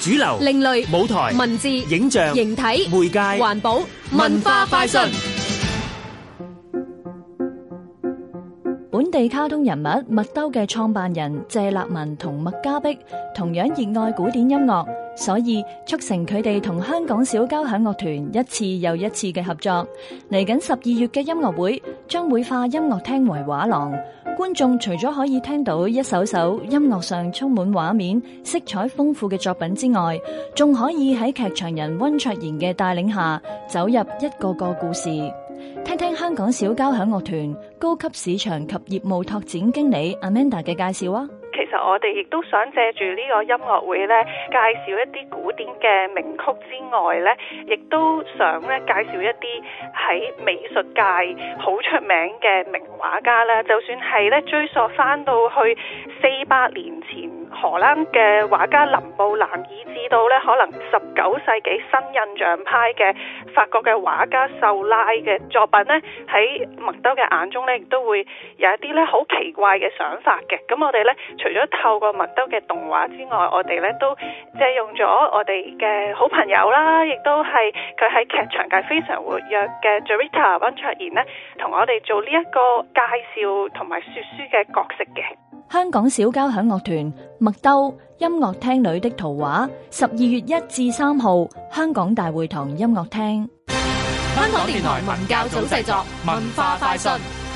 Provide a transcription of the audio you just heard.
主流、另類、舞台、文字、影像、形體、媒介、環保、文化、快訊觀眾除咗可以聽到一首首音樂上充滿畫面、色彩豐富嘅作品之外，仲可以喺劇場人溫卓賢嘅帶領下走入一個個故事，聽聽香港小交響樂團高級市場及業務拓展經理 Amanda 嘅介紹啊！其實我哋亦都想借住呢個音樂會咧，介紹一啲古典嘅名曲之外咧，亦都想咧介紹一啲喺美術界好出名嘅名畫家啦。就算係咧追溯翻到去四百年前。荷蘭嘅畫家林布蘭以道，以至到咧可能十九世紀新印象派嘅法國嘅畫家秀拉嘅作品呢，喺麥兜嘅眼中呢，亦都會有一啲咧好奇怪嘅想法嘅。咁我哋咧，除咗透過麥兜嘅動畫之外，我哋咧都借用咗我哋嘅好朋友啦，亦都係佢喺劇場界非常活躍嘅 Jerrita 温卓賢呢，同我哋做呢一個介紹同埋説書嘅角色嘅。香港小交響樂團。麥兜音樂廳裏的圖畫，十二月一至三號，香港大會堂音樂廳。香港電台文教組製作，文化快訊。